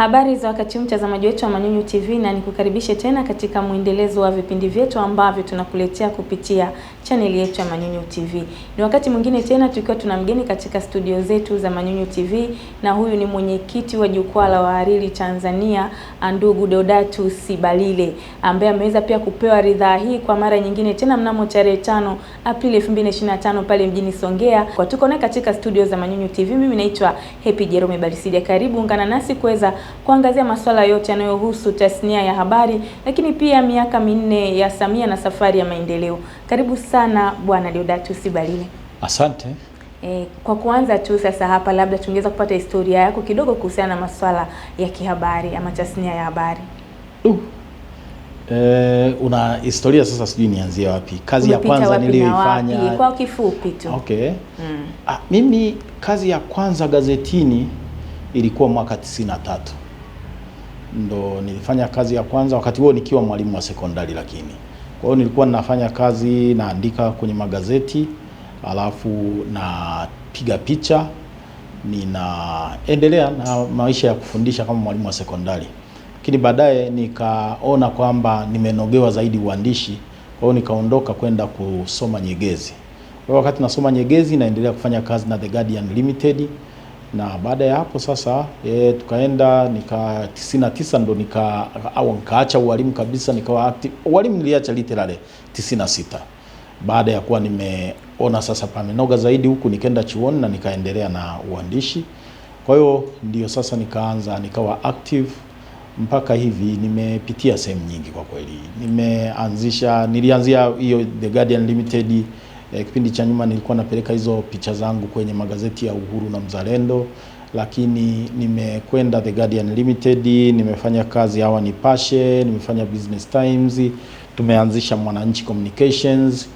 Habari za wakati huu mtazamaji wetu wa Manyunyu TV, na nikukaribishe tena katika mwendelezo wa vipindi vyetu ambavyo tunakuletea kupitia chaneli yetu ya Manyunyu TV. Ni wakati mwingine tena tukiwa tuna mgeni katika studio zetu za Manyunyu TV, na huyu ni mwenyekiti wa jukwaa la wahariri Tanzania, ndugu Deodatus Sibalile ambaye ameweza pia kupewa ridhaa hii kwa mara nyingine tena mnamo tarehe 5 Aprili 2025 pale mjini Songea. Kwa tuko naye katika studio za Manyunyu TV, mimi naitwa Happy Jerome Balisidia, Karibu ungana nasi kuweza kuangazia masuala yote yanayohusu tasnia ya habari, lakini pia miaka minne ya Samia na safari ya maendeleo. Karibu sana Bwana Deodatus Balile. Asante. E, kwa kuanza tu sasa hapa labda tungeweza kupata historia yako kidogo kuhusiana na masuala ya kihabari ama tasnia ya habari. Uh. Eh, una historia sasa, sijui nianzie wapi. Kazi ya kwanza niliyoifanya kwa kifupi tu. Okay. Mm. Ah, mimi kazi ya kwanza gazetini ilikuwa mwaka 93 ndo nilifanya kazi ya kwanza, wakati huo nikiwa mwalimu wa sekondari. Lakini kwa hiyo nilikuwa ninafanya kazi, naandika kwenye magazeti, alafu napiga picha, ninaendelea na maisha ya kufundisha kama mwalimu wa sekondari. Lakini baadaye nikaona kwamba nimenogewa zaidi uandishi, kwa hiyo nikaondoka kwenda kusoma Nyegezi. Kwa wakati nasoma Nyegezi, naendelea kufanya kazi na The Guardian Limited na baada ya hapo sasa e, tukaenda nika tisini na tisa ndo nika au nikaacha ualimu kabisa, nikawa active ualimu niliacha literally tisini na sita baada ya kuwa nimeona sasa pamenoga zaidi huku, nikaenda chuoni na nikaendelea na uandishi. Kwa hiyo ndio sasa nikaanza nikawa active mpaka hivi. Nimepitia sehemu nyingi kwa kweli, nimeanzisha nilianzia hiyo The Guardian Limited E, kipindi cha nyuma nilikuwa napeleka hizo picha zangu kwenye magazeti ya Uhuru na Mzalendo, lakini nimekwenda The Guardian Limited, nimefanya kazi hawa Nipashe, nimefanya Business Times, tumeanzisha Mwananchi Communications,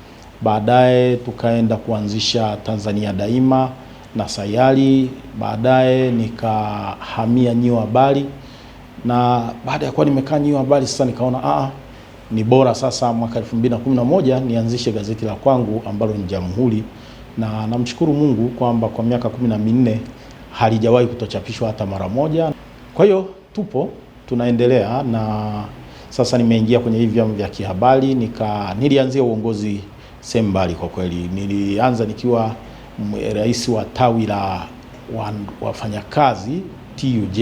baadaye tukaenda kuanzisha Tanzania Daima na Sayari, baadaye nikahamia New Habari, na baada ya kuwa nimekaa New Habari sasa nikaona ah, ni bora sasa mwaka 2011 nianzishe gazeti la kwangu ambalo ni Jamhuri, na namshukuru Mungu kwamba kwa miaka kumi na minne halijawahi kutochapishwa hata mara moja. Kwa hiyo tupo tunaendelea, na sasa nimeingia kwenye hivi vyama vya kihabari nika, nilianzia uongozi sehemu mbali. Kwa kweli nilianza nikiwa rais wa tawi la wafanyakazi TUJ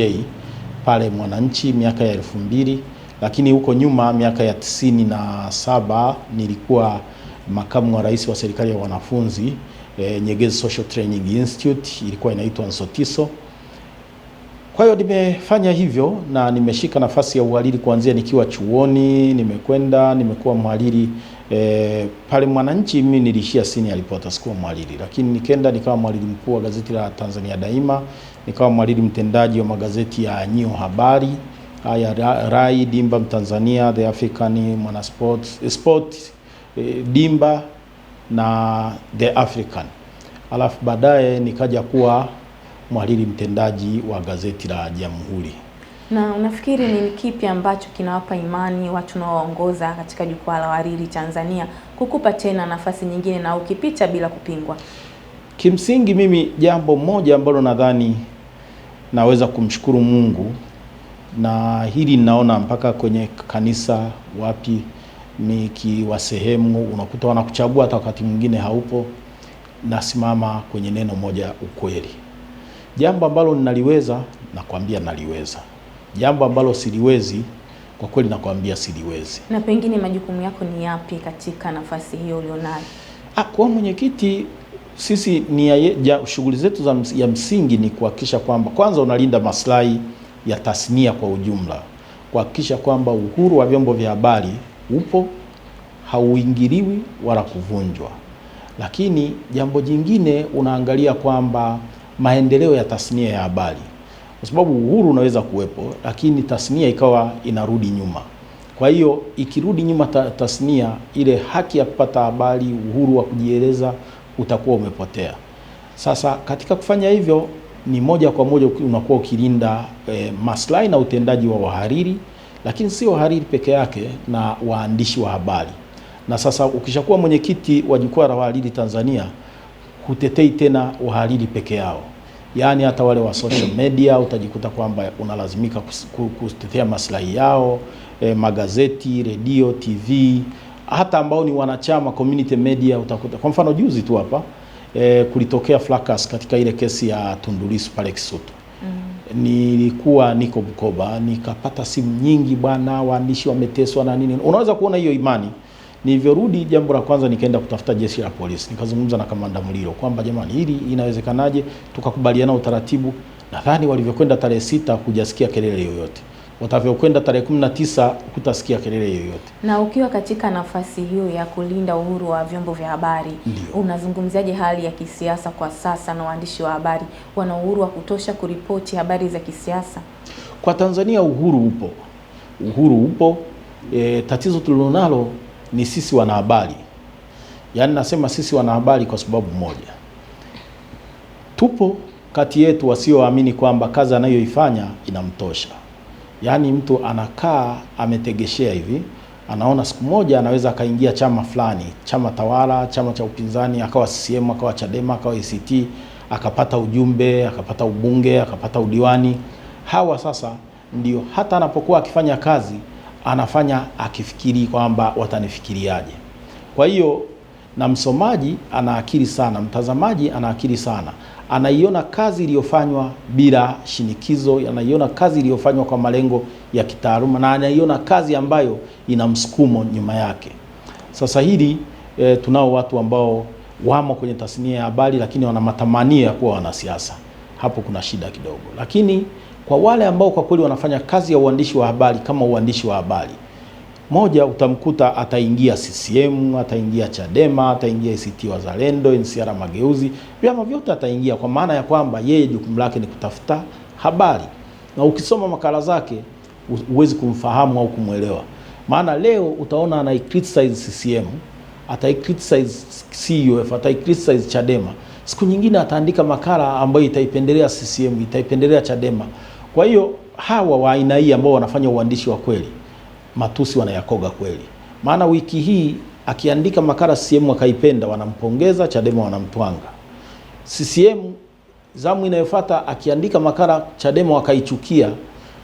pale Mwananchi miaka ya elfu mbili lakini huko nyuma miaka ya tisini na saba nilikuwa makamu wa rais wa serikali ya wanafunzi e, Nyegezi Social Training Institute ilikuwa inaitwa Nsotiso. Kwa hiyo nimefanya hivyo na nimeshika nafasi ya uhariri kuanzia nikiwa chuoni, nimekwenda nimekuwa mhariri e, eh, pale Mwananchi mimi niliishia senior reporters kuwa mhariri, lakini nikaenda nikawa mhariri mkuu wa gazeti la Tanzania Daima, nikawa mhariri mtendaji wa magazeti ya Nyio Habari haya Rai Dimba Mtanzania, The African Mwanasport eh, Sport eh, Dimba na The African, alafu baadaye nikaja kuwa mhariri mtendaji wa gazeti la Jamhuri. Na unafikiri ni kipi ambacho kinawapa imani watu unaowaongoza katika jukwaa la wahariri Tanzania kukupa tena nafasi nyingine na ukipita bila kupingwa? Kimsingi mimi jambo moja ambalo nadhani naweza kumshukuru Mungu na hili ninaona mpaka kwenye kanisa wapi nikiwa sehemu unakuta wanakuchagua, hata wakati mwingine haupo. Nasimama kwenye neno moja, ukweli. Jambo ambalo ninaliweza nakwambia naliweza, jambo ambalo siliwezi kwa kweli nakwambia siliwezi. Na pengine majukumu yako ni yapi katika nafasi hiyo ulionayo? Ah, kwa mwenyekiti, sisi ni shughuli zetu za ya msingi ni kuhakikisha kwamba kwanza unalinda maslahi ya tasnia kwa ujumla, kuhakikisha kwamba uhuru wa vyombo vya habari upo, hauingiliwi wala kuvunjwa. Lakini jambo jingine unaangalia kwamba maendeleo ya tasnia ya habari, kwa sababu uhuru unaweza kuwepo, lakini tasnia ikawa inarudi nyuma. Kwa hiyo ikirudi nyuma ta, tasnia ile, haki ya kupata habari, uhuru wa kujieleza utakuwa umepotea. Sasa katika kufanya hivyo ni moja kwa moja unakuwa ukilinda e, maslahi na utendaji wa wahariri, lakini sio wahariri peke yake na waandishi wa habari. Na sasa ukishakuwa mwenyekiti wa jukwaa la wahariri Tanzania, hutetei tena wahariri peke yao, yaani hata wale wa social media utajikuta kwamba unalazimika kutetea maslahi yao e, magazeti, redio, TV, hata ambao ni wanachama community media utakuta. Kwa mfano juzi tu hapa e, kulitokea fracas katika ile kesi ya Tundu Lissu pale Kisutu. Mm. Nilikuwa niko Bukoba, nikapata simu nyingi bwana, waandishi wameteswa na nini. Unaweza kuona hiyo imani. Nilivyorudi, jambo la kwanza nikaenda kutafuta jeshi la polisi, nikazungumza na kamanda mliro kwamba jamani, hili inawezekanaje? Tukakubaliana utaratibu. Nadhani walivyokwenda tarehe sita, kujasikia kelele yoyote watavyokwenda tarehe 19 hutasikia kelele yoyote. Na ukiwa katika nafasi hiyo ya kulinda uhuru wa vyombo vya habari, unazungumziaje hali ya kisiasa kwa sasa, na waandishi wa habari wana uhuru wa kutosha kuripoti habari za kisiasa kwa Tanzania? Uhuru upo, uhuru upo. E, tatizo tulilonalo ni sisi wanahabari, yaani nasema sisi wanahabari kwa sababu moja, tupo kati yetu wasioamini kwamba kazi anayoifanya inamtosha yaani mtu anakaa ametegeshea hivi, anaona siku moja anaweza akaingia chama fulani, chama tawala, chama cha upinzani, akawa CCM, akawa Chadema, akawa ACT, akapata ujumbe, akapata ubunge, akapata udiwani. Hawa sasa ndio hata anapokuwa akifanya kazi anafanya akifikiri kwamba watanifikiriaje. Kwa hiyo na msomaji ana akili sana, mtazamaji ana akili sana anaiona kazi iliyofanywa bila shinikizo, anaiona kazi iliyofanywa kwa malengo ya kitaaluma na anaiona kazi ambayo ina msukumo nyuma yake. Sasa hili e, tunao watu ambao wamo kwenye tasnia ya habari lakini wana matamanio ya kuwa wanasiasa. Hapo kuna shida kidogo, lakini kwa wale ambao kwa kweli wanafanya kazi ya uandishi wa habari kama uandishi wa habari moja utamkuta ataingia CCM, ataingia Chadema, ataingia ACT Wazalendo, NCR Mageuzi, vyama vyote ataingia, kwa maana ya kwamba yeye jukumu lake ni kutafuta habari, na ukisoma makala zake huwezi kumfahamu au kumwelewa. Maana leo utaona criticize CCM, atai criticize CUF, atai criticize Chadema, siku nyingine ataandika makala ambayo itaipendelea CCM, itaipendelea Chadema. Kwa hiyo hawa wa aina hii ambao wanafanya uandishi wa kweli matusi wanayakoga kweli. Maana wiki hii akiandika makala CCM akaipenda, wanampongeza Chadema, wanamtwanga. CCM zamu inayofuata akiandika makala Chadema wakaichukia,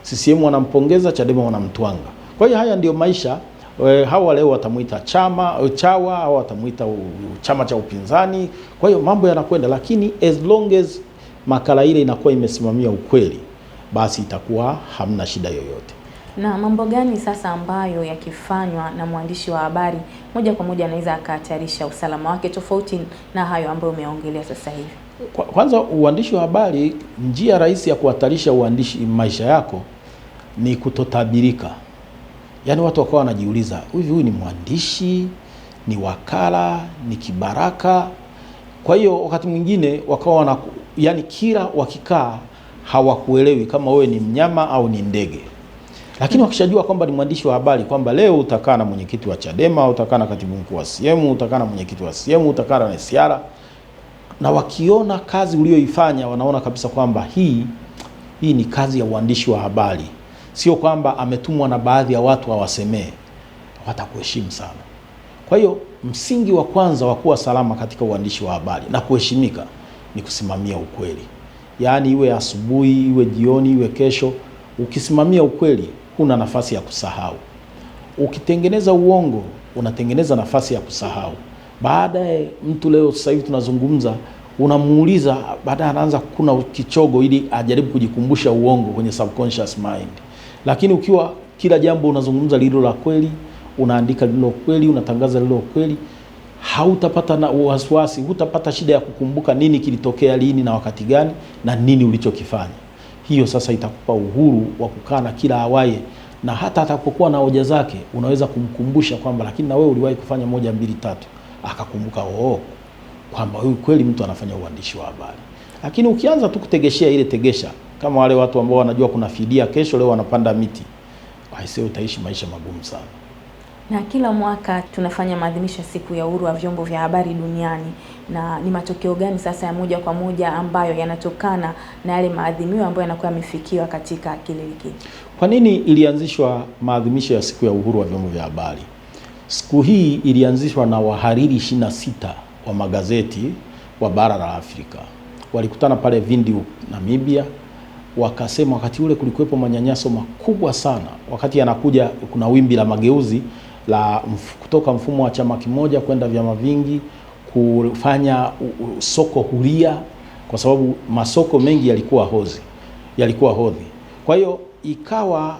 CCM wanampongeza, Chadema wanamtwanga. Kwa hiyo haya ndiyo maisha. E, hawa leo watamuita chama eh, chawa au watamuita chama cha upinzani. Kwa hiyo mambo yanakwenda, lakini as long as makala ile inakuwa imesimamia ukweli, basi itakuwa hamna shida yoyote na mambo gani sasa ambayo yakifanywa na mwandishi wa habari moja kwa moja anaweza akahatarisha usalama wake tofauti na hayo ambayo umeongelea sasa hivi? Kwanza, uandishi wa habari, njia rahisi ya kuhatarisha uandishi maisha yako ni kutotabirika. Yaani watu wakawa wanajiuliza hivi, huyu ni mwandishi, ni wakala, ni kibaraka? Kwa hiyo wakati mwingine wakawa wana, yani kila wakikaa hawakuelewi kama wewe ni mnyama au ni ndege. Lakini wakishajua kwamba ni mwandishi wa habari, kwamba leo utakaa na mwenyekiti wa Chadema, utakaa na katibu mkuu wa CCM, utakaa na mwenyekiti wa CCM, utakaa na siara, na wakiona kazi uliyoifanya wanaona kabisa kwamba hii hii ni kazi ya uandishi wa habari, sio kwamba ametumwa na baadhi ya watu awasemee, wa watakuheshimu sana. Kwa hiyo msingi wa kwanza wa kuwa salama katika uandishi wa habari na kuheshimika ni kusimamia ukweli, yaani iwe asubuhi, iwe jioni, iwe kesho, ukisimamia ukweli huna nafasi ya kusahau. Ukitengeneza uongo, unatengeneza nafasi ya kusahau. Baadaye mtu leo sasa hivi tunazungumza, unamuuliza, baadaye anaanza kuna kichogo ili ajaribu kujikumbusha uongo kwenye subconscious mind. Lakini ukiwa kila jambo unazungumza lilo la kweli, unaandika lilo kweli, unatangaza lilo kweli, hautapata na wasiwasi, hutapata shida ya kukumbuka nini kilitokea lini na wakati gani na nini ulichokifanya hiyo sasa itakupa uhuru wa kukaa na kila awaye, na hata atakapokuwa na hoja zake unaweza kumkumbusha kwamba lakini na wewe uliwahi kufanya moja mbili tatu, akakumbuka oo, oh, kwamba huyu kweli mtu anafanya uandishi wa habari. Lakini ukianza tu kutegeshea ile tegesha, kama wale watu ambao wanajua kuna fidia kesho, leo wanapanda miti, aisee, utaishi maisha magumu sana na kila mwaka tunafanya maadhimisho ya siku ya uhuru wa vyombo vya habari duniani, na ni matokeo gani sasa ya moja kwa moja ambayo yanatokana na yale maadhimio ambayo yanakuwa yamefikiwa katika kile wiki? Kwa nini ilianzishwa maadhimisho ya siku ya uhuru wa vyombo vya habari? Siku hii ilianzishwa na wahariri 26 wa magazeti wa bara la Afrika, walikutana pale Windhoek, Namibia wakasema wakati ule kulikuwepo manyanyaso makubwa sana. Wakati yanakuja kuna wimbi la mageuzi la mf, kutoka mfumo wa chama kimoja kwenda vyama vingi, kufanya soko huria, kwa sababu masoko mengi yalikuwa hozi, yalikuwa hodhi. Kwa hiyo ikawa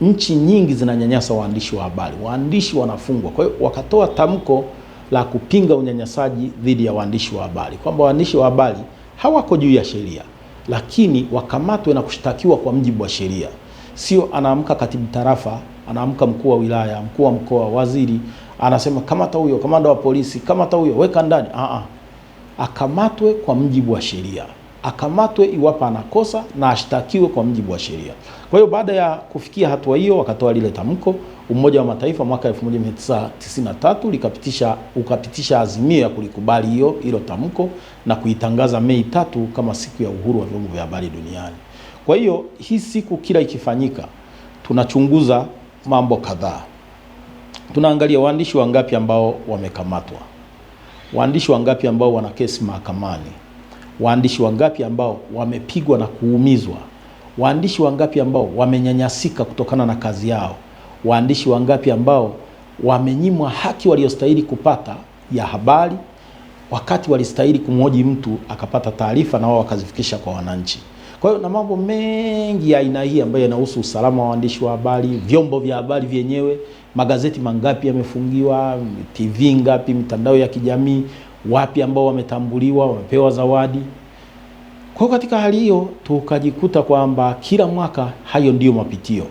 nchi nyingi zinanyanyasa waandishi wa habari, waandishi wanafungwa. Kwa hiyo wakatoa tamko la kupinga unyanyasaji dhidi ya waandishi wa habari, kwamba waandishi wa habari hawako juu ya sheria, lakini wakamatwe na kushtakiwa kwa mjibu wa sheria, sio anaamka katibu tarafa anaamka mkuu wa wilaya, mkuu wa mkoa, waziri anasema kamata huyo, kamanda wa polisi kamata huyo, weka ndani. Aa, akamatwe kwa mjibu wa sheria, akamatwe iwapo anakosa na ashtakiwe kwa mjibu wa sheria. Kwa hiyo baada ya kufikia hatua hiyo, wakatoa lile tamko. Umoja wa Mataifa mwaka 1993 likapitisha ukapitisha azimio ya kulikubali hiyo hilo tamko na kuitangaza Mei tatu kama siku ya uhuru wa vyombo vya habari duniani. Kwa hiyo hii siku kila ikifanyika tunachunguza mambo kadhaa. Tunaangalia waandishi wangapi ambao wamekamatwa, waandishi wangapi ambao wana kesi mahakamani, waandishi wangapi ambao wamepigwa na kuumizwa, waandishi wangapi ambao wamenyanyasika kutokana na kazi yao, waandishi wangapi ambao wamenyimwa haki waliostahili kupata ya habari wakati walistahili kumhoji mtu akapata taarifa na wao wakazifikisha kwa wananchi. Kwa hiyo na mambo mengi ya aina hii ambayo yanahusu usalama wa waandishi wa habari, vyombo vya habari vyenyewe, magazeti mangapi yamefungiwa, TV ngapi, mitandao ya kijamii wapi ambao wametambuliwa, wamepewa zawadi. Kwa hiyo katika hali hiyo tukajikuta kwamba kila mwaka hayo ndiyo mapitio,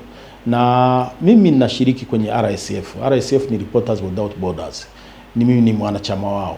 na mimi ninashiriki kwenye RSF. RSF ni Reporters Without Borders, ni mimi ni mwanachama wao.